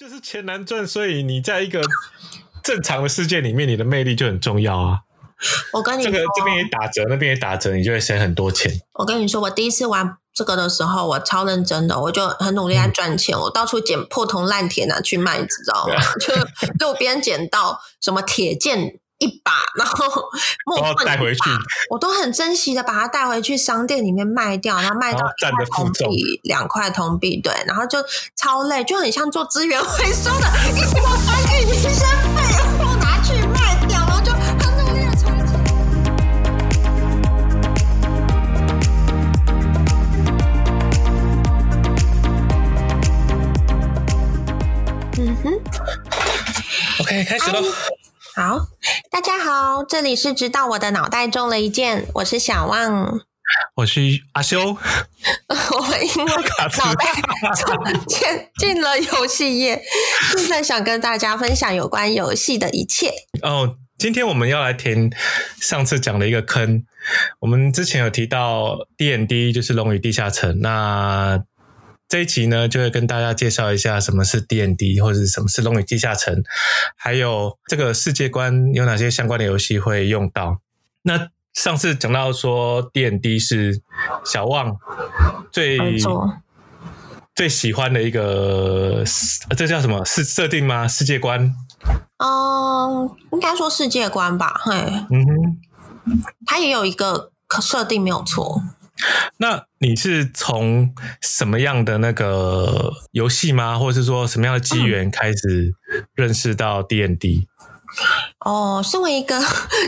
就是錢難賺，所以你在一個正常的世界裡面，你的魅力就很重要啊。我跟你說，這個這邊也打折，那邊也打折，你就會省很多錢。我跟你說，我第一次玩這個的時候，我超認真的，我就很努力在賺錢，嗯，我到處撿破銅爛鐵拿去賣，你知道嗎？ 就路邊撿到什麼鐵劍。一把，然後帶回去然後，我都很珍惜的把它帶回去，商店裡面賣掉，然後賣到一塊銅幣，兩塊銅幣，對，然後就超累，就很像做資源回收的， 一波產品先備貨拿去賣掉，然後就很努力賺錢。嗯哼 ，OK，開始嘍。啊好，大家好，這裡是直到我的腦袋中了一箭，我是小旺，我是阿修， 我們因為腦袋中箭進了遊戲業，正 在想跟大家分享有關遊戲的一切。哦，今天我們要來填上次講的一個坑，我們之前有提到 D N D 就是龍與地下城，那。這一集呢，就會跟大家介紹一下什麼是 DND，或者什麼是《龍與地下城》，還有這個世界觀有哪些相關的遊戲會用到。那上次講到說 DND 是小旺最最喜歡的一個，啊、這叫什麼，設設定嗎？世界觀？嗯，應該說世界觀吧。嘿，嗯哼，它也有一個可設定，沒有錯。那你是從什麼樣的那個遊戲嗎？或者是說什麼樣的機緣開始認識到 D&D？哦，身為一個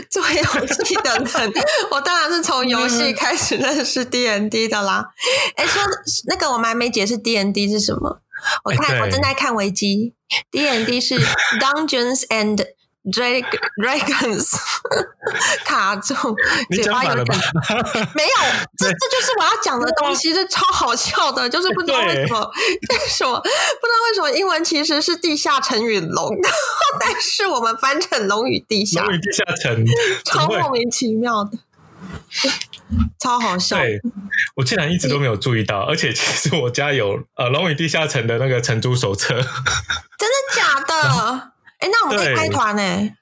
做遊戲的人， 我當然是從遊戲開始認識 D&D 的啦。哎、嗯欸，說那個我們還沒解釋 D&D 是什麼，我看、欸、我正在看維基，D&D 是 Dungeons and。Drake Dragons 卡住，嘴巴有點沒有。這這就是我要講的東西，啊、這超好笑的，就是不知道為什麼，不為什麼不知道為什麼英文其實是地下城與龍，但是我們翻成龍與地下，地下城超莫名其妙的，超好笑的，對。我竟然一直都沒有注意到，而且其實我家有呃《龍與地下城》的那個城主手冊，真的假的？哎、欸，那我們可以開團呢、欸？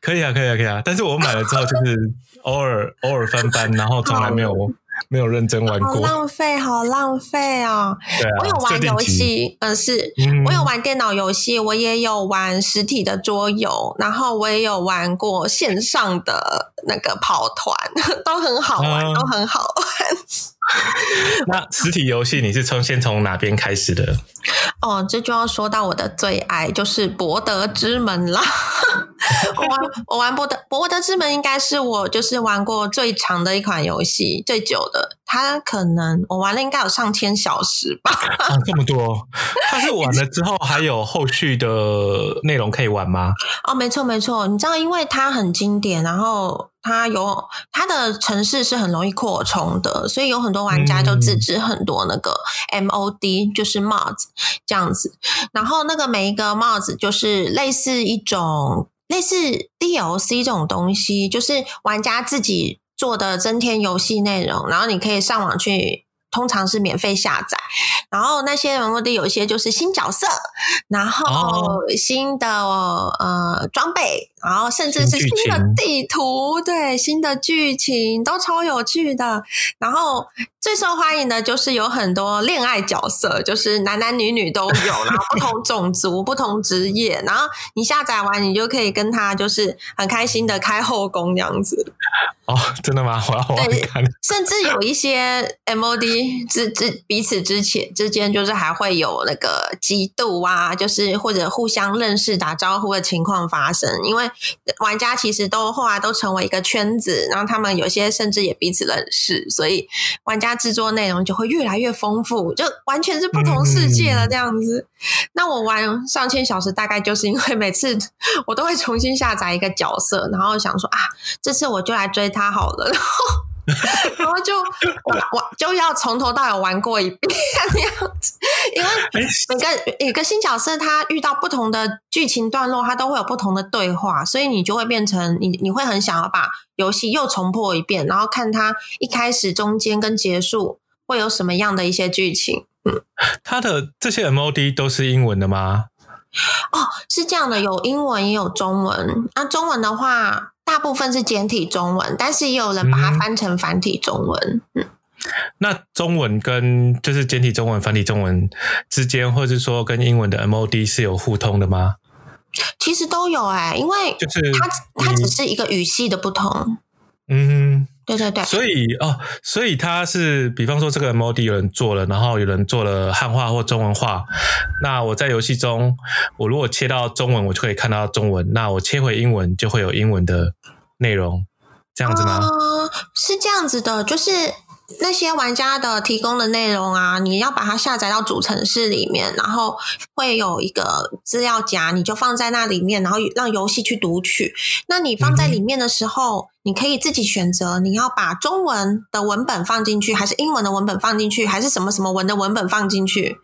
可以啊，可以啊，可以啊！但是我買了之後，就是偶爾 偶爾翻單，然後從來沒有、哦、沒有認真玩過，好浪費，好浪費、哦、啊！我有玩遊戲、呃，嗯，是我有玩電腦遊戲，我也有玩實體的桌遊，然後我也有玩過線上的那個跑團，都很好玩，嗯、都很好玩。 那實體遊戲你是從先從哪邊開始的？哦，這就要說到我的最愛，就是博 博《博德之門》啦。我我玩《博德博德之門》應該是我就是玩過最長的一款遊戲，最久的。它可能我玩了應該有上千小時吧。 啊，這麼多，他是玩了之後還有後續的內容可以玩嗎？哦，沒錯沒錯，你知道，因為它很經典，然後。它有它的程式是很容易擴充的，所以有很多玩家就自制很多那個 MOD，、嗯、就是 MOD 這樣子。然後那個每一個 MOD 就是類似一種類似 DLC 這種東西，就是玩家自己做的增添遊戲內容。然後你可以上網去，通常是免費下載。然後那些 MOD 有一些就是新角色，然後新的、哦、呃裝備。然後甚至是新的地圖，新對新的劇情都超有趣的。然後最受歡迎的就是有很多戀愛角色，就是男男女女都有， 然後不同種族、不同職業。然後你下載完，你就可以跟他就是很開心的開後宮這樣子。哦，真的嗎？我要，我要看對看。甚至有一些 MOD 之之彼此之前之間，就是還會有那個嫉妒啊，就是或者互相認識打招呼的情況發生，因為。玩家其實都後來都成為一個圈子，然後他們有些甚至也彼此認識，所以玩家制作內容就會越來越豐富，就完全是不同世界了這樣子。嗯、那我玩上千小時，大概就是因為每次我都會重新下載一個角色，然後想說啊，這次我就來追他好了，然後然後就我我就要從頭到尾玩過一遍那樣子。因為每個每個新角色，他遇到不同的劇情段落，他都會有不同的對話，所以你就會變成你，你會很想要把遊戲又重破一遍，然後看他一開始、中間跟結束會有什麼樣的一些劇情，嗯。他的這些 MOD 都是英文的嗎？哦，是這樣的，有英文也有中文。那中文的話，大部分是簡體中文，但是也有人把它翻成繁體中文。嗯。嗯那中文跟就是簡體中文、繁體中文之間，或是說跟英文的 MOD 是有互通的嗎？其實都有哎，因為就是它它只是一個語系的不同。嗯哼，對對對。所以哦，所以它是，比方說這個 MOD 有人做了，然後有人做了漢化或中文化。那我在遊戲中，我如果切到中文，我就可以看到中文。那我切回英文，就會有英文的內容，這樣子嗎？呃，是這樣子的，就是。那些玩家的提供的內容啊，你要把它下載到主程式裡面，然後會有一個資料夾，你就放在那裡面，然後讓遊戲去讀取。那你放在裡面的時候，你可以自己選擇，你要把中文的文本放進去，還是英文的文本放進去，還是什麼什麼文的文本放進去。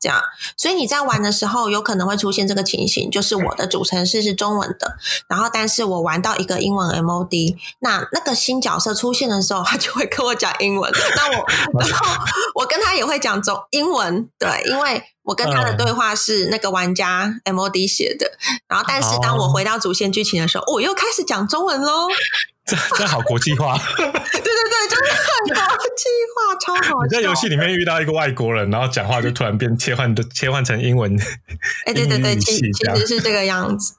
這樣，所以你在玩的時候，有可能會出現這個情形，就是我的主程式是中文的，然後但是我玩到一個英文 MOD，那那個新角色出現的時候，他就會跟我講英文，那我然後我跟他也會講中英文，對，因為我跟他的對話是那個玩家 MOD 寫的，然後但是當我回到主線劇情的時候，我、哦、又開始講中文嘍。這這好國際化， 對對對，真的很國際化，超好。你在遊戲裡面遇到一個外國人，然後講話就突然變切換，切換成英文。哎、欸，對對對，其其實是這個樣子。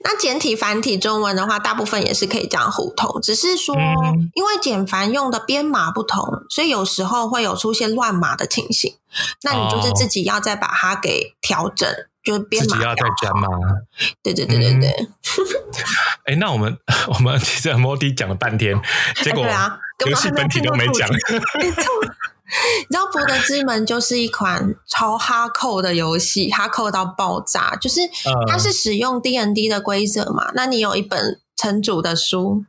那簡體繁體中文的話，大部分也是可以這樣互通，只是說、嗯、因為簡繁用的編碼不同，所以有時候會有出現亂碼的情形。那你就是自己要再把它給調整。就編碼嘛，對對對對對、嗯。哎 欸，那我們我們其實 Mod 講了半天，結、欸、果啊，其實本，體、欸啊、根本體都沒講。 你知道《 柏德之門》就是一款超哈扣的遊戲，哈 扣到爆炸。就是它是使用 DND 的規則嘛、嗯？那你有一本城主的書。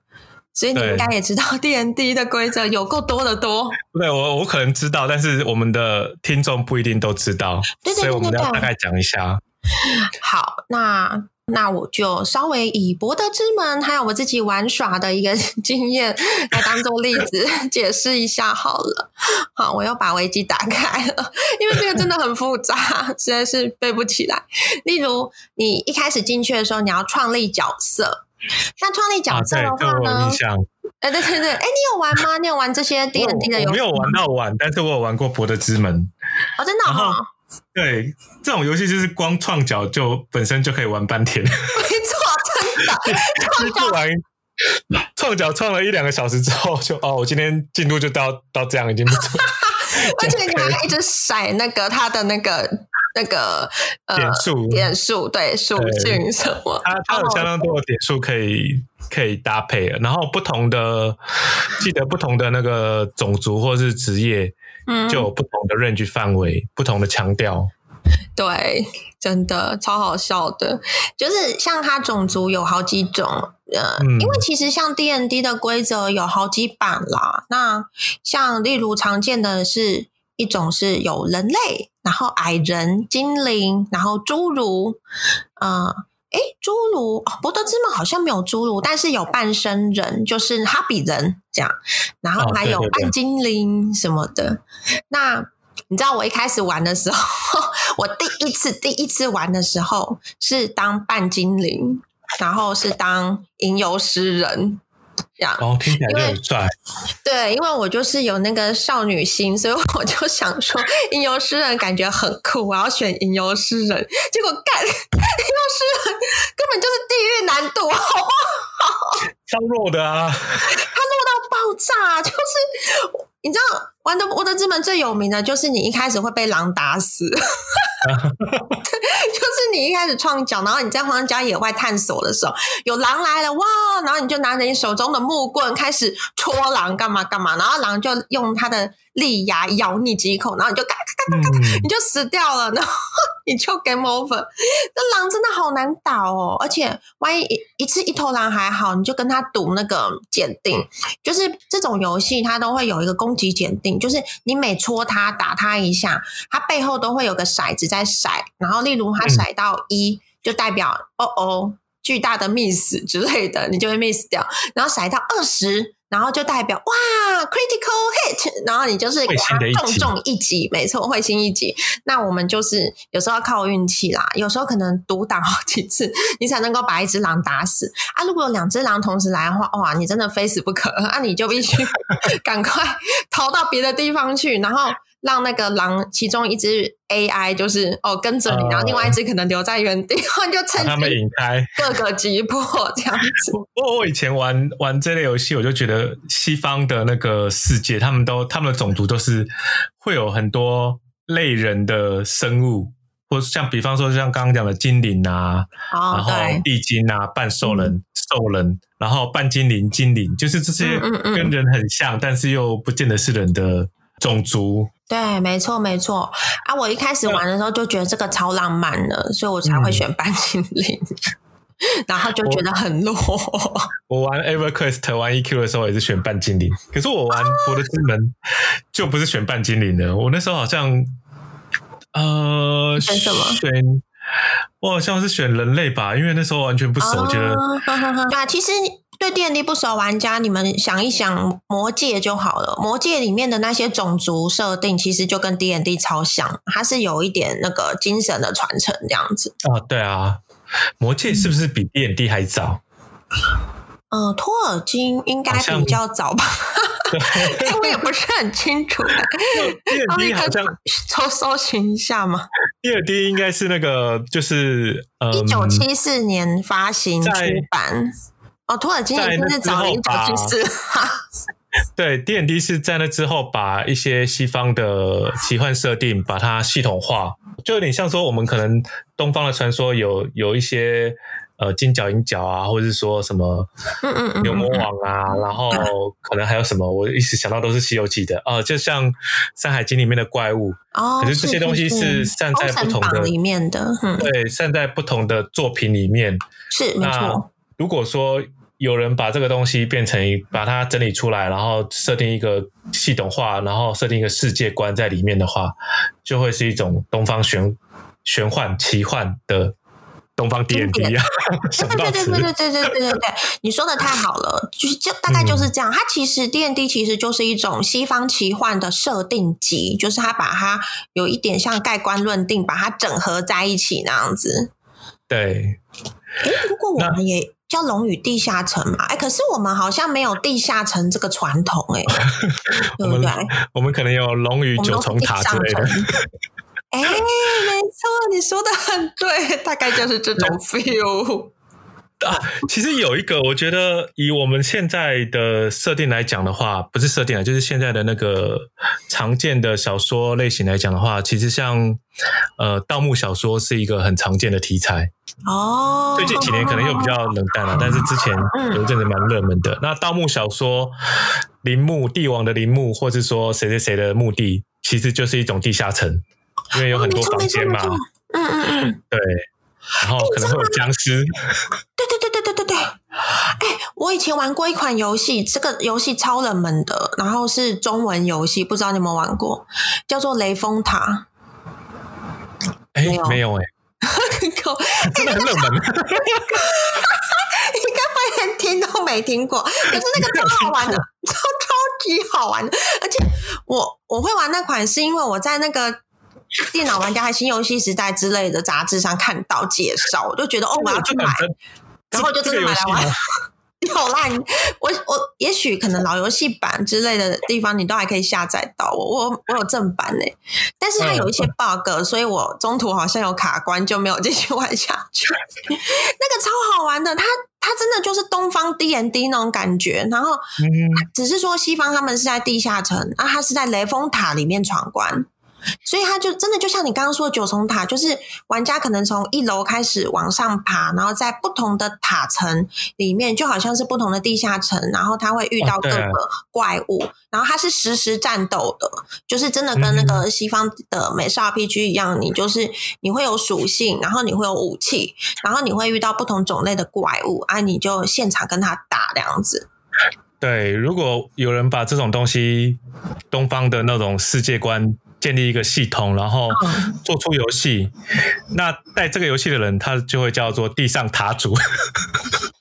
所以你應該也知道，D&D 的規則有夠多的多。對，我我可能知道，但是我們的聽眾不一定都知道。對對對、對，所以我們要大概講一下。好，那那我就稍微以博德之門還有我自己玩耍的一個經驗來當做例子解釋一下好了。好，我又把維基打開了，因為這個真的很複雜，實在是背不起來。例如，你一開始進去的時候，你要創立角色。那創立角色的話呢？哎、啊欸，對對對，哎、欸，你有玩嗎？你有玩這些低人低人遊戲？我我沒有玩到玩，但是我有玩過《博德之門》。哦，真的嗎？對，這種遊戲就是光創角就本身就可以玩半天。沒錯，真的。創角玩，創角，創了一兩個小時之後就，就哦，我今天進度就到到這樣已經不錯。 而且你還一直甩那個他的那個。那個點數、呃，點數對屬性什麼，它它有相當多的點數可以可以搭配。然後不同的 記得不同的那個種族或是職業，就有不同的 range 範圍、嗯，不同的強調。對，真的超好笑的，就是像它種族有好幾種，嗯，因為其實像 D N D 的規則有好幾版啦，那像例如常見的是。一種是有人類，然後矮人、精靈，然後侏儒，啊、呃，誒，侏儒、哦，博德之門好像沒有侏儒，但是有半身人，就是哈比人這樣，然後還有半精靈什麼的。哦，對對對。那你知道我一開始玩的時候，我第一次第一次玩的時候是當半精靈，然後是當吟遊詩人。這樣哦，聽起來就很帥。對，因為我就是有那個少女心，所以我就想說吟遊詩人感覺很酷，我要選吟遊詩人。結果幹吟遊詩人根本就是地獄難度，好不好？超弱的啊！他弱到爆炸，就是你知道《柏德柏德之門》最有名的就是你一開始會被狼打死。 就是你一開始創角，然後你在荒郊野外探索的時候，有狼來了哇，然後你就拿着你手中的木棍開始戳狼幹嘛幹嘛，然後狼就用它的利牙咬你幾口，然後你就嘎嘎。 你就死掉了，然後你就 game over。那狼真的好難打哦，而且萬一一一次一頭狼還好，你就跟他賭那個檢定、嗯，就是這種遊戲它都會有一個攻擊檢定，就是你每戳他打他一下，他背後都會有個骰子在骰，然後例如他骰到一、嗯，就代表哦哦巨大的 miss 之類的，你就會 miss 掉。然後骰到二十。然後就代表哇，critical hit，然後你就是給他重重一擊，沒錯，會心一擊。那我們就是有時候要靠運氣啦，有時候可能獨擋好幾次，你才能夠把一只狼打死。啊，如果有兩只狼同時來的話，哇、哦啊，你真的非死不可，那、啊、你就必須趕快逃到別的地方去， 然後。讓那個狼，其中一隻 AI 就是哦，跟着你，然後另外一隻可能留在原地，呃、 就趁、啊、他們引開，各個擊破這樣子。不過我以前玩玩這類遊戲，我就覺得西方的那個世界，他們都他們的種族都是會有很多類人的生物，或像比方說像剛剛講的精靈啊、哦，然後地精啊，半獸人、嗯、獸人，然後半精靈、精靈，就是這些跟人很像嗯嗯嗯，但是又不見得是人的種族。對，沒錯沒錯啊！我一開始玩的時候就覺得這個超浪漫的，所以我才會選半精靈，嗯、然後就覺得很弱我。我玩 EverQuest 玩 EQ 的時候也是選半精靈，可是我玩我、柏德之門就不是選半精靈了。啊、我那時候好像呃選什麼選，我好像是選人類吧，因為那時候完全不熟，啊、覺得啊，其實。對 D&D 不熟玩家，你們想一想魔戒就好了。魔戒裡面的那些種族設定，其實就跟 DND 超像，它是有一點那個精神的傳承這樣子。啊，對啊，魔戒是不是比 DND 還早？嗯，嗯托爾金應該比較早吧，我 對笑也不是很清楚。DND 好像抽搜尋一下嘛。D&D 應該是那個，就是一九七四年發行出版。哦，土耳其人在找影寶騎哈對，電影是騎士在那之後把，D&D 之後把一些西方的奇幻設定把它系統化，就有點像說我們可能東方的傳說有有一些呃金角銀角啊，或者是說什麼牛魔王啊，然後可能還有什麼，我一直想到都是西《西遊記》的哦，就像《山海經》裡面的怪物。哦，可是這些東西是站在不同的是是是裡面的、嗯，對，站在不同的作品裡面是沒錯。如果說有人把這個東西變成一把它整理出來，然後設定一個系統化，然後設定一個世界觀在裡面的話，就會是一種東方玄玄幻奇幻的東方 D N D 啊！對對對對對對對對對， 你說的太好了，就是就大概就是這樣。嗯，它其實 D N D 其實就是一種西方奇幻的設定集，就是它把它有一點像蓋棺論定，把它整合在一起那樣子。對。哎，如果我們也。叫龍與地下城嘛？哎、欸，可是我們好像沒有地下城這個傳統、欸，哎， 對不對？我們，我們可能有龍與九重塔之類的。哎、 欸，沒錯，你說的很對，大概就是這種 feel。 啊，其實有一個，我覺得以我們現在的設定來講的話，不是設定啊，就是現在的那個常見的小說類型來講的話，其實像呃，盜墓小說是一個很常見的題材哦。最、oh, 近幾年可能又比較冷淡了、啊，oh. 但是之前有一陣子蠻熱門的。那盜墓小說，陵墓、帝王的陵墓，或是說誰誰誰的墓地，其實就是一種地下城，因為有很多房間嘛。嗯嗯，對。然後可能會有僵屍、欸。對對對對對對對！哎、欸，我以前玩過一款遊戲，這個遊戲超冷門的，然後是中文遊戲，不知道你們玩過？叫做《雷峰塔》欸。哎，沒有哎、欸，這、 欸那個真的很冷門，應該會連聽都沒聽過。可是那個超好玩的，超超級好玩的，而且我我會玩那款是因為我在那個。電腦玩家還《新遊戲時代》之類的雜誌上看到介紹，我就覺得哦，我要去買，然後就真的買來玩。好、這、爛、個！ no、line, 我我也許可能老遊戲版之類的地方，你都還可以下載到。我我我有正版呢、欸，但是它有一些 bug，、嗯、所以我中途好像有卡關，就沒有繼續玩下去。嗯、 那個超好玩的，它它真的就是東方 D&D 那種感覺，然後只是說西方他們是在地下城，啊，他是在雷峰塔裡面闖關。所以他就真的就像你剛剛說的九重塔，就是玩家可能從一樓開始往上爬，然後在不同的塔層裡面就好像是不同的地下城，然後他會遇到各個怪物，啊啊然後他是實時戰鬥的，就是真的跟那個西方的美式 RPG 一樣，你就是你會有屬性，然後你會有武器，然後你會遇到不同種類的怪物，啊，你就現場跟他打這樣子。對，如果有人把這種東西東方的那種世界觀。建立一個系統，然後做出遊戲，嗯。那帶這個遊戲的人，他就會叫做地上塔主。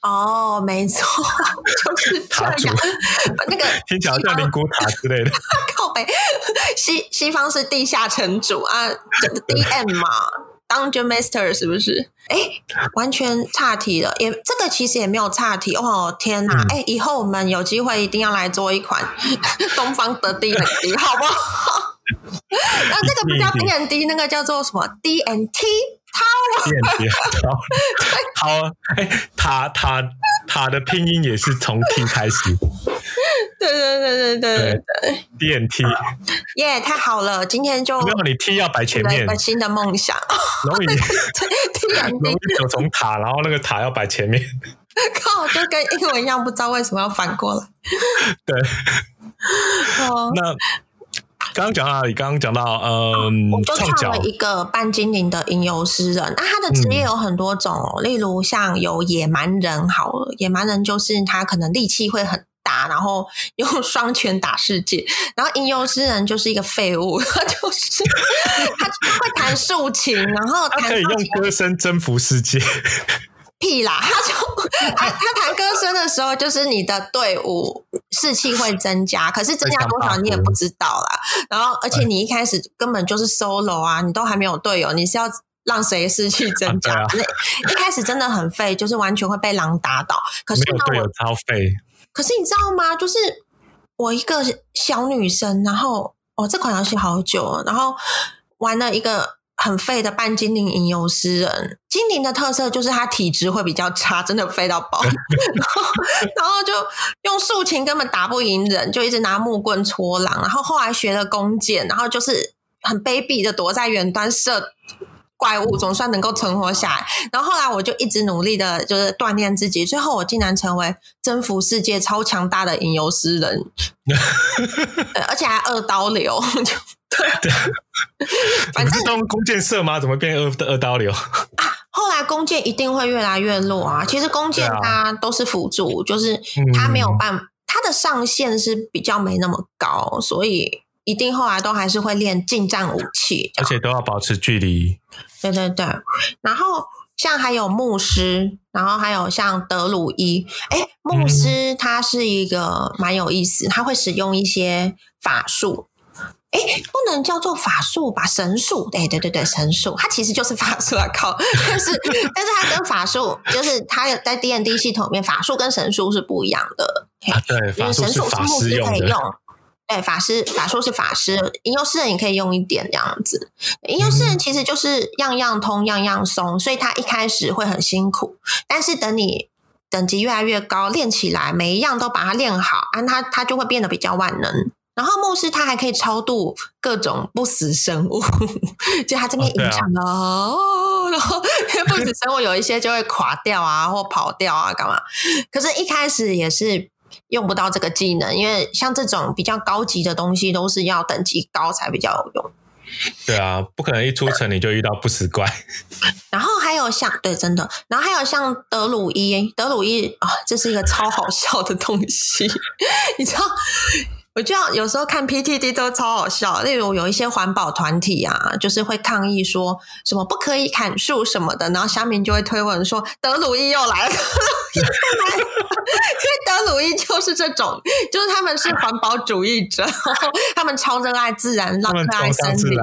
哦，沒錯，就是這樣塔主，啊。那個，先講叫靈骨塔之類的。 靠北，西西方是地下城主啊，DM 嘛，Dungeon Master 是不是？哎，完全岔題了。也這個其實也沒有岔題。哦，天哪！哎，嗯，以後我們有機會一定要來做一款東方的 D。 M 好不好？啊、那這個不叫 D N D，那個叫做什麼？D N T 塔。塔，塔塔塔的拼音也是從 T 開始。對對對對對對對。D N T 耶，太、yeah, 好了！今天就不要你 T 要擺前面。新的夢想。然後面 T 後從塔，然後那個塔要擺前面。靠，就跟英文一樣，不知道為什麼要反過來。對。哦、oh.，那。剛剛講到，你剛剛講到，嗯，我們就創了一個半精靈的吟遊詩人。那他的職業有很多種，嗯，例如像有野蠻人好了，野蠻人就是他可能力氣會很大，然後用雙拳打世界。然後吟遊詩人就是一個廢物，他就是他就會彈豎琴， 然後他可以用歌聲征服世界。屁啦！他就他他彈歌聲的時候，就是你的隊伍士氣會增加，可是增加多少你也不知道啦。然後，而且你一開始根本就是 solo 啊，你都還沒有隊友，你是要讓誰士氣增加？啊對啊、一開始真的很廢，就是完全會被狼打倒。可是我有隊友超廢。可是你知道嗎？就是我一個小女生，然後我、哦、這款遊戲好久了，然後玩了一個。很廢的半精靈吟遊詩人。精靈的特色就是他體質會比較差，真的廢到爆。然後就用豎琴根本打不贏人，就一直拿木棍戳狼。然後後來學了弓箭，然後就是很卑鄙的躲在遠端射怪物，總算能夠存活下來。然後後來我就一直努力的，就是鍛鍊自己。最後我竟然成為征服世界超強大的吟遊詩人，而且還二刀流。對啊，反正用弓箭射嗎？怎麼變二二刀流？啊，後來弓箭一定會越來越弱啊。其實弓箭它都是輔助、啊，就是它沒有辦法，它、嗯、的上限是比較沒那麼高，所以一定後來都還是會練近戰武器，而且都要保持距離。對對對，然後像還有牧師，然後還有像德魯伊。哎、欸，牧師他是一個蠻有意思、嗯，他會使用一些法術。哎、欸，不能叫做法術吧，神術。哎、欸，對對對，神術，它其實就是法術啊！靠，但是 但是它跟法術，就是它在 D N D 系統裡面，法術跟神術是不一樣的。欸啊、對，法術是法師用的。因為神術是牧師可以用，對，法師法術是法師，吟遊詩人也可以用一點這樣子。吟遊詩人其實就是樣樣通，樣樣鬆，所以他一開始會很辛苦，但是等你等級越來越高，練起來每一樣都把它練好，啊，他他就會變得比較萬能。然後牧師他還可以超度各種不死生物，就他這邊影響了，哦啊。然後不死生物有一些就會垮掉啊， 或跑掉啊，幹嘛？可是，一開始也是用不到這個技能，因為像這種比較高級的東西，都是要等級高才比較有用。對啊，不可能一出城你就遇到不死怪。 然後還有像對真的，然後還有像德魯伊，德魯伊啊、哦，這是一個超好笑的東西，你知道。我覺得有時候看 PTT 都超好笑，例如有一些環保團體啊，就是會抗議說什麼不可以砍樹什麼的，然後鄉民就會推文說德魯伊又來了，又來了， 因為德魯伊就是這種，就是他們是環保主義者，他們超熱愛自然，熱愛森林。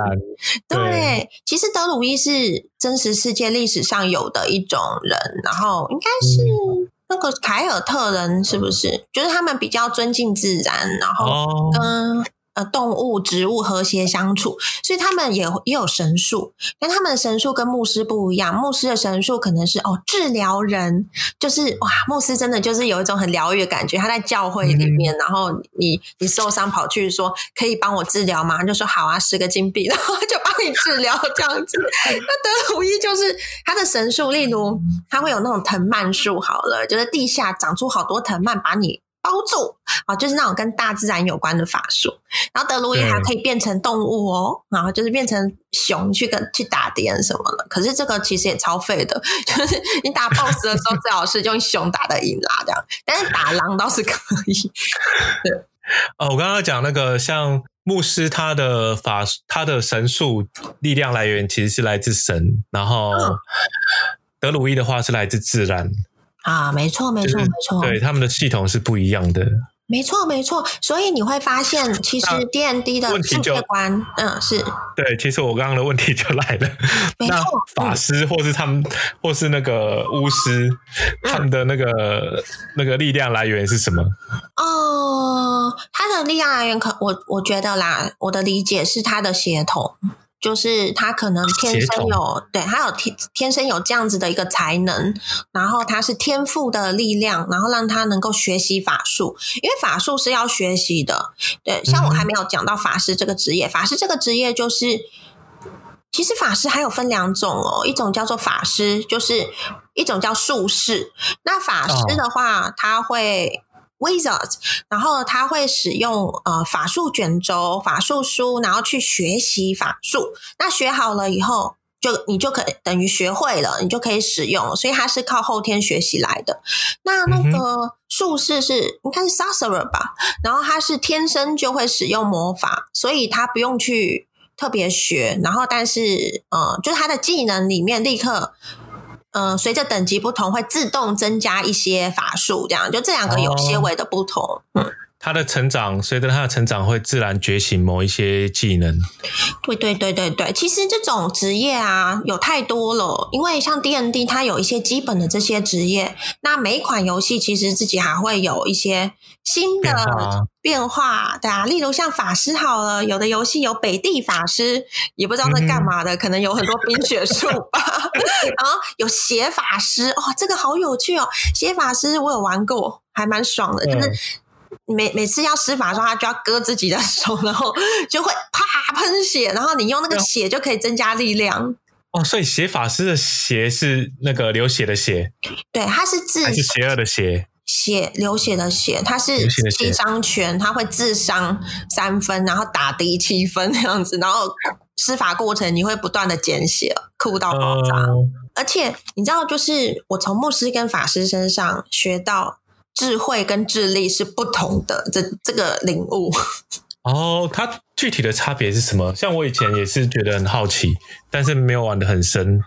對，其實德魯伊是真實世界歷史上有的一種人，然後應該是。嗯那個凱爾特人是不是？嗯，就是他們比較尊敬自然，然後跟。哦嗯呃，動物、植物和諧相處，所以他們也也有神術。但他們的神術跟牧師不一樣，牧師的神術可能是哦，治療人，就是哇，牧師真的就是有一種很療癒的感覺。他在教會裡面，然後你你受傷跑去說，可以幫我治療嗎？他就說好啊，十個金幣，然後他就幫你治療這樣子。 那德魯伊就是他的神術，例如他會有那種藤蔓術，好了，就是地下長出好多藤蔓，把你。包住啊，就是那種跟大自然有關的法術。然後德魯伊還可以變成動物哦，然後就是變成熊去跟去打敵人什麼的。可是這個其實也超廢的，就是你打 BOSS 的時候最好是用熊打得贏啦，這樣。 但是打狼倒是可以。對，哦，我剛剛講那個像牧師他的法他的神術力量來源其實是來自神，然後德魯伊的話是來自自然。啊，沒錯、就是，沒錯，沒錯，對，他們的系統是不一樣的。沒錯，沒錯，所以你會發現，其實 D N D 的世界觀，嗯，是。對，其實我剛剛的問題就來了，沒錯、嗯、法師或是他們、嗯，或是那個巫師，嗯、他們的那個那個力量來源是什麼？哦、呃，他的力量來源，可我我覺得啦，我的理解是他的血統。就是他可能天生有，對，他有天天生有這樣子的一個才能，然後他是天賦的力量，然後讓他能夠學習法術，因為法術是要學習的。對，像我還沒有講到法師這個職業，嗯、法師這個職業就是，其實法師還有分兩種哦，一種叫做法師，就是一種叫術士。那法師的話，哦、他會。Wizards 然後他會使用呃法術卷軸、法術書，然後去學習法術。那學好了以後，就你就可以等於學會了，你就可以使用。所以他是靠後天學習來的。那那個術士是、嗯、應該是 Sorcerer 吧？然後他是天生就會使用魔法，所以他不用去特別學。然後，但是呃，就是他的技能裡面立刻。嗯，隨着等級不同，會自動增加一些法術，這樣就這兩個有些微的不同。哦、嗯，他的成長，隨着他的成長，會自然覺醒某一些技能。對對對對對，其實這種職業啊，有太多了。因為像 D&D，它有一些基本的這些職業，那每一款遊戲其實自己還會有一些新的變化，對啊，例如像法師好了，有的遊戲有北地法師，也不知道在幹嘛的，嗯，可能有很多冰雪術吧。 然後有血法師，哦，這個好有趣哦！血法師我有玩過，還蠻爽的。就是每每次要施法的時候，他就要割自己的手，然後就會啪噴血，然後你用那個血就可以增加力量。哦，所以血法師的血是那個流血的血，對，它是自是邪惡的血。血，流血的血，他是七傷拳，他會自傷三分，然後打敵七分這樣子，然後施法過程你會不斷的減血，哭到爆炸。嗯、而且你知道，就是我從牧師跟法師身上學到智慧跟智力是不同的，嗯、這這個領悟。哦，它具體的差別是什麼？像我以前也是覺得很好奇，但是沒有玩得很深。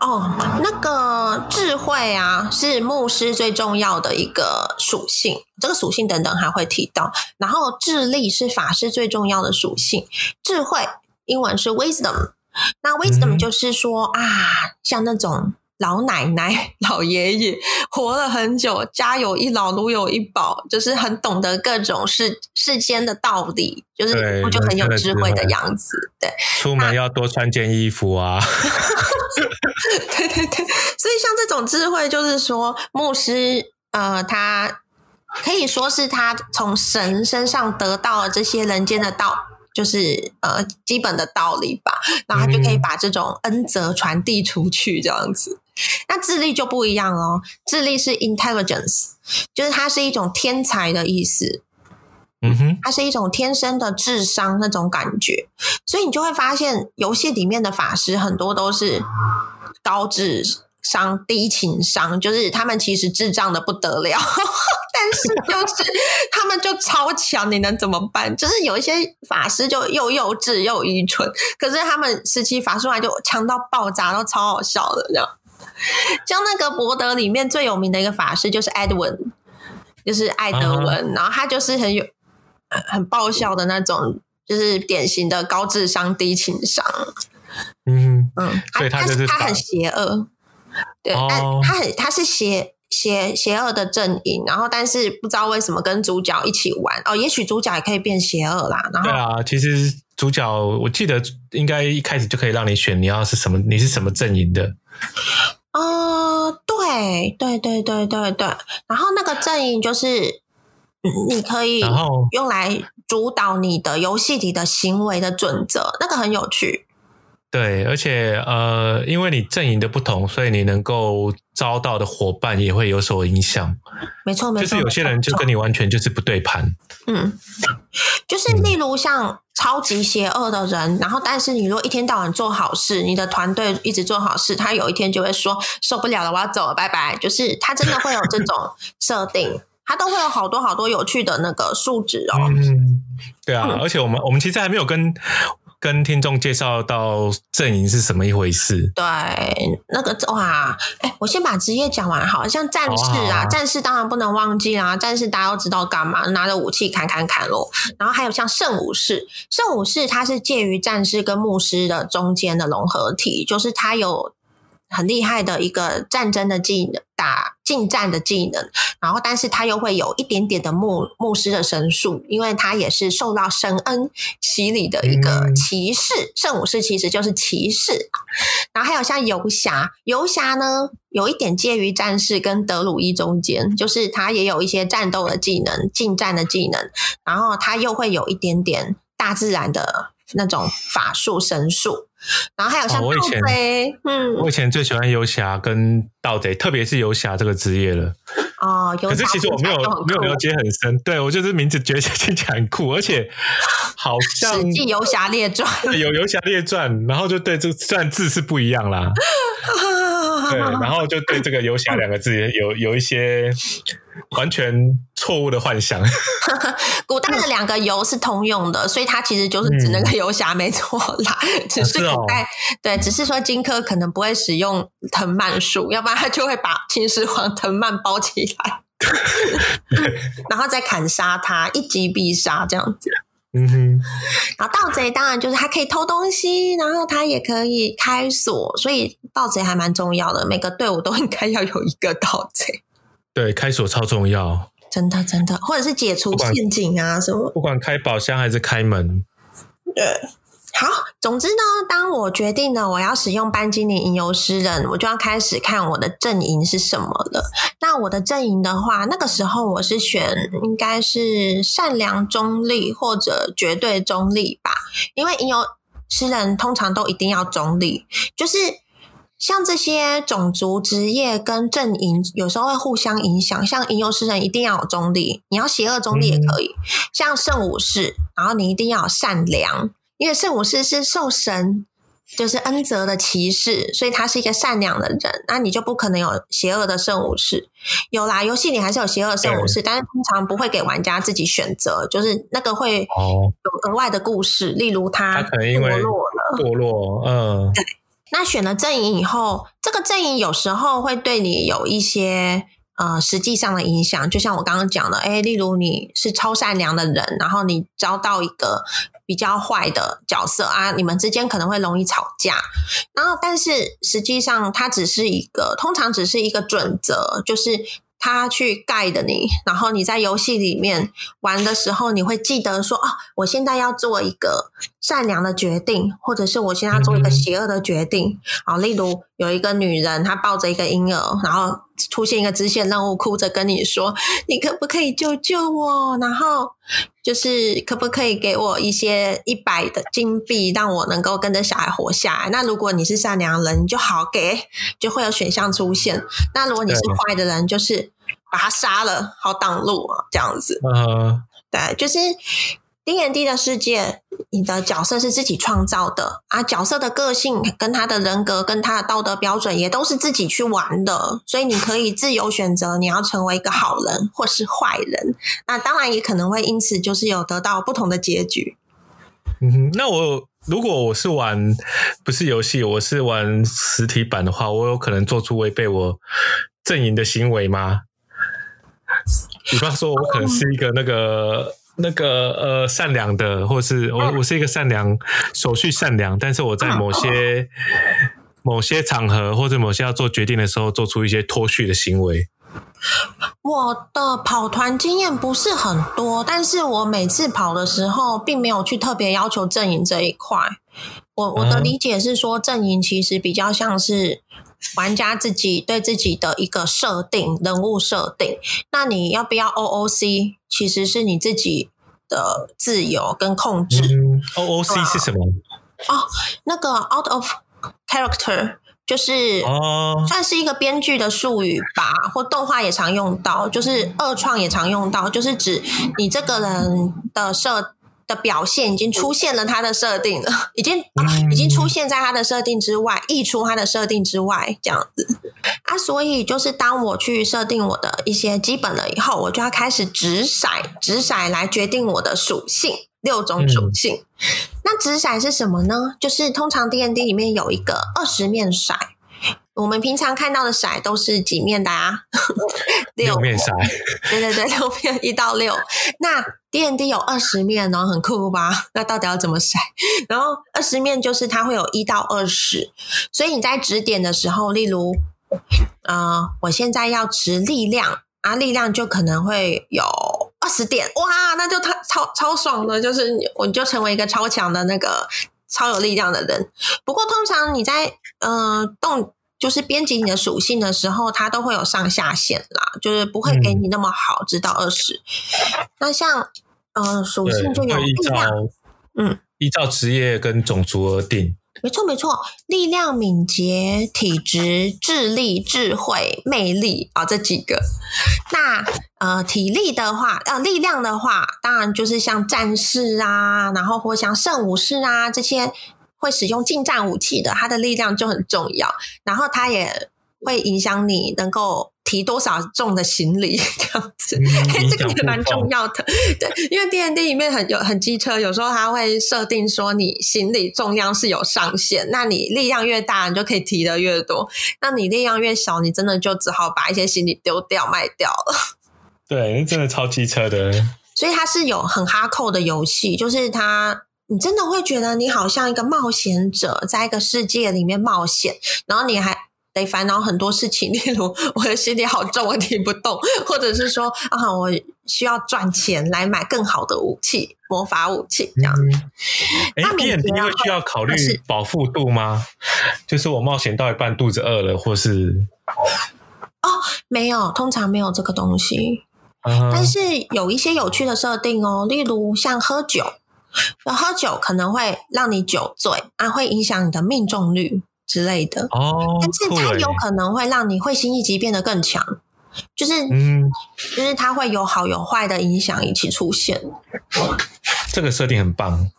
哦，那個智慧啊，是牧師最重要的一個屬性，這個屬性等等還會提到。然後智力是法師最重要的屬性，智慧英文是 wisdom，那 wisdom、嗯、就是說啊，像那種。老奶奶、老爺爺活了很久，家有一老，如有一寶，就是很懂得各種世世間的道理，就是我就很有智慧的樣子。對，出門要多穿件衣服啊！ 對對對，所以像這種智慧，就是說牧師呃，他可以說是他從神身上得到了這些人間的道理。就是呃，基本的道理吧，然後他就可以把這種恩澤傳遞出去，這樣子。Mm-hmm. 那智力就不一樣哦，智力是 intelligence，就是它是一種天才的意思。嗯哼，它是一種天生的智商那種感覺，所以你就會發現，遊戲裡面的法師很多都是高智商低情商，就是他們其實智障的不得了，但是就是他們就超強， 你能怎麼辦？就是有一些法師就又幼稚又愚蠢，可是他們施起法術來就強到爆炸，都超好笑的。這樣，像那個博德裡面最有名的一個法師就是艾德文，就是艾德文，然後他就是很有很爆笑的那種，就是典型的高智商低情商。嗯、uh-huh. 嗯，所以他就是，他很邪惡。對、哦，但他很，他是邪邪邪惡的陣營，然後但是不知道為什麼跟主角一起玩哦，也許主角也可以變邪惡啦然後。對啊，其實主角我記得應該一開始就可以讓你選你要是什麼，你是什麼陣營的。呃、對對對對對對，然後那個陣營就是你可以用來主導你的遊戲裡的行為的準則，那個很有趣。對，而且呃，因為你陣營的不同，所以你能夠招到的夥伴也會有所影響。沒錯。沒錯，就是有些人就跟你完全就是不對盤。嗯，就是例如像超級邪惡的人、嗯，然後但是你如果一天到晚做好事，你的團隊一直做好事，他有一天就會說受不了了，我要走了，拜拜。就是他真的會有這種設定， 他都會有好多好多有趣的那個數值哦。嗯，對啊，嗯、而且我們我們其實還沒有跟。跟聽眾介紹到陣營是什麼一回事？對，那個哇、欸，我先把職業講完好，好像戰士啊，哦、好啊，戰士當然不能忘記啦，戰士大家都知道幹嘛，拿着武器砍砍砍咯。然後還有像聖武士，聖武士他是介於戰士跟牧師的中間的融合體，就是他有。很厲害的一個戰爭的技能，打近戰的技能。然後，但是他又會有一點點的牧牧師的神術，因為他也是受到神恩洗禮的一個騎士。嗯。聖武士其實就是騎士。然後還有像遊俠，遊俠呢，有一點介於戰士跟德魯伊中間，就是他也有一些戰鬥的技能，近戰的技能。然後他又會有一點點大自然的那種法術神術。然後還有像盜賊、哦、我以前、嗯，我以前最喜歡遊俠跟盜賊，特別是遊俠這個職業了、哦。可是其實我沒有沒有了解很深，對我就是名字覺得聽起來很酷，而且好像《史記遊 俠列傳》有遊俠列傳，然後就對這個“傳”字是不一樣啦。 對，然後就對這個“游俠”兩個字有有一些完全錯誤的幻想。 古代的兩個“游”是通用的，所以它其實就是指那個游俠，沒錯啦。嗯、只是古代、啊哦，對，只是說荊軻可能不會使用藤蔓術，要不然他就會把秦始皇藤蔓包起來，對 然後再砍殺他，一擊必殺這樣子。嗯哼，然後盜賊當然就是他可以偷東西，然後他也可以開鎖，所以盜賊還蠻重要的，每個隊伍都應該要有一個盜賊。對，開鎖超重要，真的真的，或者是解除陷阱啊什麼，不管開寶箱還是開門，對。好，總之呢，當我決定了我要使用半精靈吟遊詩人，我就要開始看我的陣營是什麼了。那我的陣營的話，那個時候我是選應該是善良中立或者絕對中立吧，因為吟遊詩人通常都一定要中立，就是像這些種族、職業跟陣營有時候會互相影響，像吟遊詩人一定要有中立，你要邪惡中立也可以，嗯、像聖武士，然後你一定要善良。因為聖武士是受神，就是恩澤的騎士，所以他是一個善良的人。那你就不可能有邪惡的聖武士。有啦，遊戲裡還是有邪惡的聖武士，但是通常不會給玩家自己選擇，就是那個會有額外的故事。哦，例如他他可能因為墮落了，墮落，嗯，對。那選了陣營以後，這個陣營有時候會對你有一些呃實際上的影響。就像我剛剛講的，哎，例如你是超善良的人，然後你招到一個。比較壞的角色啊，你們之間可能會容易吵架。然後，但是實際上，它只是一個，通常只是一個準則，就是他去 guide 你。然後你在遊戲裡面玩的時候，你會記得說啊，我現在要做一個善良的決定，或者是我現在要做一個邪惡的決定。啊，例如有一個女人，她抱着一個嬰兒，然後。出現一個支線任務，哭着跟你說：“你可不可以救救我？”然後就是可不可以給我一些一百的金幣，讓我能夠跟着小孩活下來？那如果你是善良人，你就好給，就會有選項出現。那如果你是壞的人，就是把他殺了，好擋路啊，哦，這樣子。嗯，對，就是。《D&D 的世界，你的角色是自己創造的啊，角色的個性跟他的人格、跟他的道德標準也都是自己去玩的，所以你可以自由選擇你要成為一個好人或是壞人。那當然也可能會因此就是有得到不同的結局。嗯哼，那我如果我是玩不是遊戲，我是玩實體版的話，我有可能做出違背我陣營的行為嗎？比方說，我可能是一個那個。嗯那個呃，善良的，或是我我是一個善良，嗯、守序善良，但是我在某些，嗯、某些場合或者某些要做決定的時候，做出一些脫序的行為。我的跑團經驗不是很多，但是我每次跑的時候，並沒有去特別要求陣營這一塊。我我的理解是說，陣營其實比較像是玩家自己對自己的一個設定，人物設定。那你要不要 OOC，其實是你自己的自由跟控制。嗯，OOC 是什麼？哦，啊啊，那個 out of character 就是算是一個編劇的術語吧，或動畫也常用到，就是二創也常用到，就是指你這個人的設的表現已經出現了，它的設定了，已經、啊、已經出現在它的設定之外，溢出它的設定之外，這樣子啊。所以就是當我去設定我的一些基本了以後，我就要開始擲骰，擲骰來決定我的屬性，六種屬性。嗯、那擲骰是什麼呢？就是通常 D N D 裡面有一個二十面骰，我們平常看到的骰都是幾面的啊？六面骰 對對對，六面一到六。那 D&D 有二十面，哦，然後很酷吧？那到底要怎麼篩？然後二十面就是它會有一到二十，所以你在指點的時候，例如，呃，我現在要值力量，啊，力量就可能會有二十點，哇，那就他超超爽了，就是我就成為一個超強的那個超有力量的人。不過通常你在呃動就是編輯你的屬性的時候，它都會有上下限啦，就是不會給你那麼好，嗯、直到二十。那像嗯、呃，屬性重要力量嗯，依照職業跟種族而定。沒錯，沒錯，力量、敏捷、體質、智力、智慧、魅力啊、哦，這幾個。那呃，體力的話，呃，力量的話，當然就是像戰士啊，然後或像聖武士啊這些會使用近戰武器的，它的力量就很重要。然後它也會影響你能夠。提多少重的行李這樣子，哎、嗯欸，這個也蠻重要的。對，因為 D&D 裡面很有很機車，有時候他會設定說你行李重量是有上限，那你力量越大，你就可以提得越多；那你力量越小，你真的就只好把一些行李丟掉賣掉了。對，真的超機車的。所以它是有很哈扣的遊戲，就是它，你真的會覺得你好像一個冒險者，在一個世界裡面冒險，然後你還。得煩惱很多事情，例如我的心裡好重，我提不動，或者是說啊，我需要賺錢來買更好的武器、魔法武器這樣，嗯欸。那 PVP 會需要考慮飽腹度嗎？就是我冒險到一半肚子餓了，或是哦，沒有，通常沒有這個東西。啊，但是有一些有趣的設定哦，例如，像喝酒，喝酒可能會讓你酒醉，啊，會影響你的命中率。之類的哦，但是它有可能會讓你會心一擊變得更強，欸，就是嗯，就是它會有好有壞的影響一起出現。哇這個設定很棒，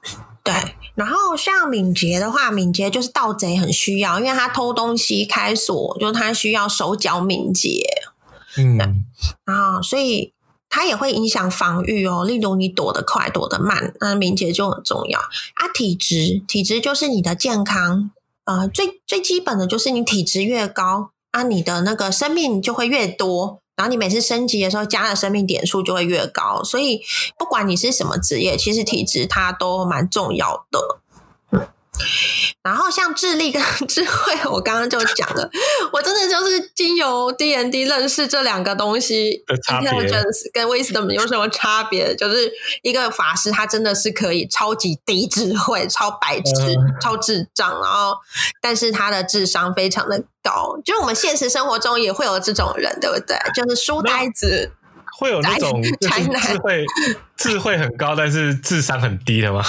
對。然後像敏捷的話，敏捷就是盜賊很需要，因為他偷東西、開鎖，就是，他需要手腳敏捷，嗯，然後所以它也會影響防御哦。例如你躲得快、躲得慢，那敏捷就很重要啊。體質，體質就是你的健康。啊、呃，最最基本的就是你體質越高，啊，你的那個生命就會越多，然後你每次升級的時候加的生命點數就會越高，所以不管你是什麼職業，其實體質它都蠻重要的。然後像智力跟智慧，我剛剛就講了，我真的就是經由 D&D 認識這兩個東西。差別 Intelligence 跟 Wisdom 有什麼差別？就是一個法師，他真的是可以超級低智慧、超白痴、嗯、超智障，然後但是他的智商非常的高。就是我們現實生活中也會有這種人，對不對？就是書呆子，會有那種才智慧智慧很高，但是智商很低的嗎？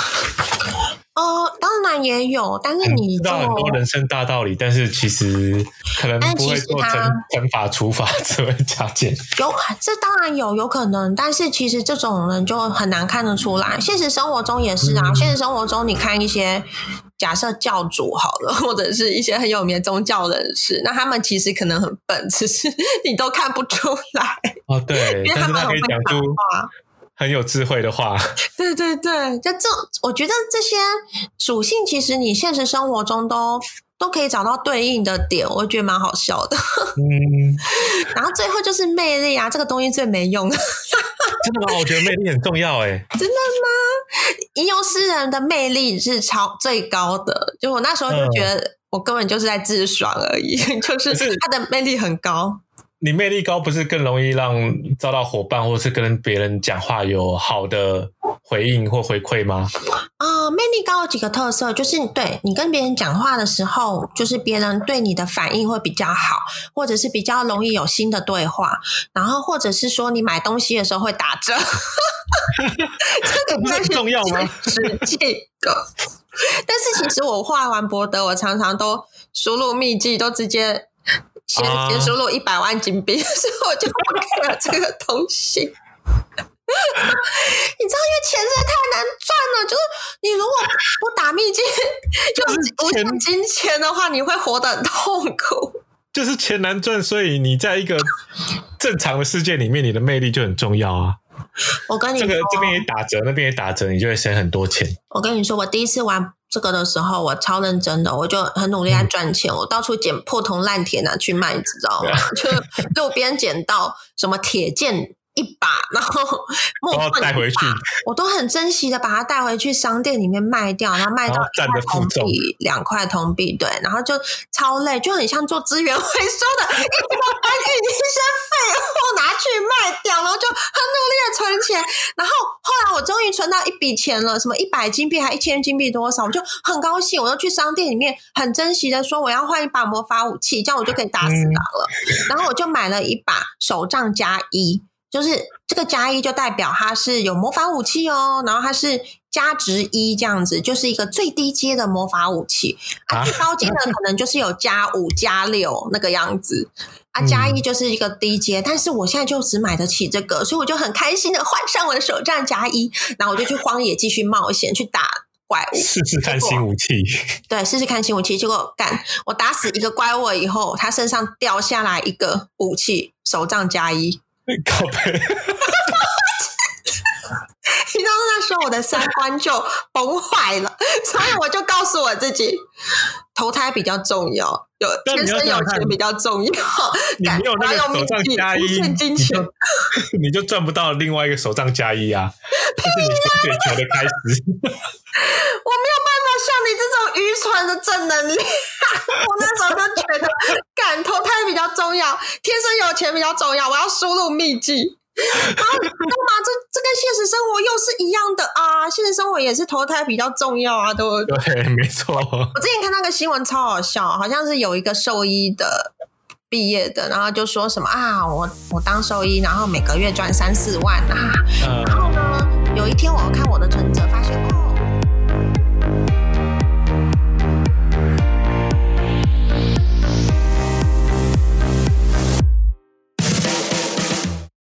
哦，當然也有，但是你、嗯、知道很多人生大道理，但是其實可能不會做乘法除法，只會加減。有這當然有，有可能，但是其實這種人就很難看得出來。現實生活中也是啊，嗯、現實生活中你看一些假設教主好了，或者是一些很有名的宗教人士，那他們其實可能很笨，只是你都看不出來。哦，對，因為他們很會講話。很有智慧的話，對對對，就這，我覺得這些屬性其實你現實生活中都都可以找到對應的點，我覺得蠻好笑的。嗯，然後最後就是魅力啊，這個東西最沒用的。真的嗎？我覺得魅力很重要哎、欸。真的嗎？吟遊詩人的魅力是超最高的，就我那時候就覺得我根本就是在自爽而已，就是他的魅力很高。你魅力高不是更容易讓遭到夥伴，或是跟別人講話有好的回應或回饋嗎？啊、呃，魅力高有幾個特色，就是對你跟別人講話的時候，就是別人對你的反應會比較好，或者是比較容易有新的對話，然後或者是說你買東西的時候會打折。 這個不是很重要嗎？是這個，但是其實我畫完博德，我常常都輸入秘籍，都直接。錢先收入一百萬金幣，uh... 所以我就不、OK、開了這個東西。 你知道，因為錢實在太難賺了，就是你如果打不打秘境，就不、是、用金錢的話，你會活得很痛苦。就是錢難賺，所以你在一個正常的世界裡面，你的魅力就很重要啊。我跟你說、這個，這邊也打折，那邊也打折，你就會省很多錢。我跟你說，我第一次玩這個的時候，我超認真的，我就很努力在賺錢、嗯，我到處撿破銅爛鐵拿去賣，你知道嗎？啊、 就是路邊撿到什麼鐵劍。一把，然後然後帶回去，回去我都很珍惜的把它帶回去商店裡面賣掉，然後賣到一塊銅幣，兩塊銅幣對，然後就超累，就很像做資源回收的，一直把一些廢物拿去賣掉，然後就很努力的存錢，然後後來我終於存到一筆錢了，什麼一百金幣還一千金幣多少，我就很高興，我就去商店裡面很珍惜的說我要換一把魔法武器，這樣我就可以死打死他了、嗯，然後我就買了一把手杖加一。就是這個加一就代表它是有魔法武器哦，然後它是加值一這樣子，就是一個最低階的魔法武器啊。最高階的可能就是有加五、加六那個樣子啊。啊，加一就是一個低階，嗯，但是我現在就只買得起這個，所以我就很開心的換上我的手杖加一，然後我就去荒野繼續冒險去打怪物，試試看新武器。對，試試看新武器，結果幹，我打死一個怪物以後，它身上掉下來一個武器，手杖加一。告白。聽到那時候，我的三觀就崩壞了，所以我就告訴我自己。投胎比較重要，有要天生有錢比較重要。你沒有手杖加一，不存金錢，你就賺不到另外一個手杖加一啊！貧窮的、就是、的開始，我沒有辦法像你這種愚蠢的正能力。 我那時候就覺得， 感投胎比較重要，天生有錢比較重要。我要輸入密技。啊， 幹嘛這？這這跟現實生活又是一樣的啊！現實生活也是投胎比較重要啊，都對，對，沒錯。我之前看那個新聞超好笑，好像是有一個獸醫的畢業的，然後就說什麼啊，我我當獸醫，然後每個月賺三四萬啊，嗯。然後呢，有一天我。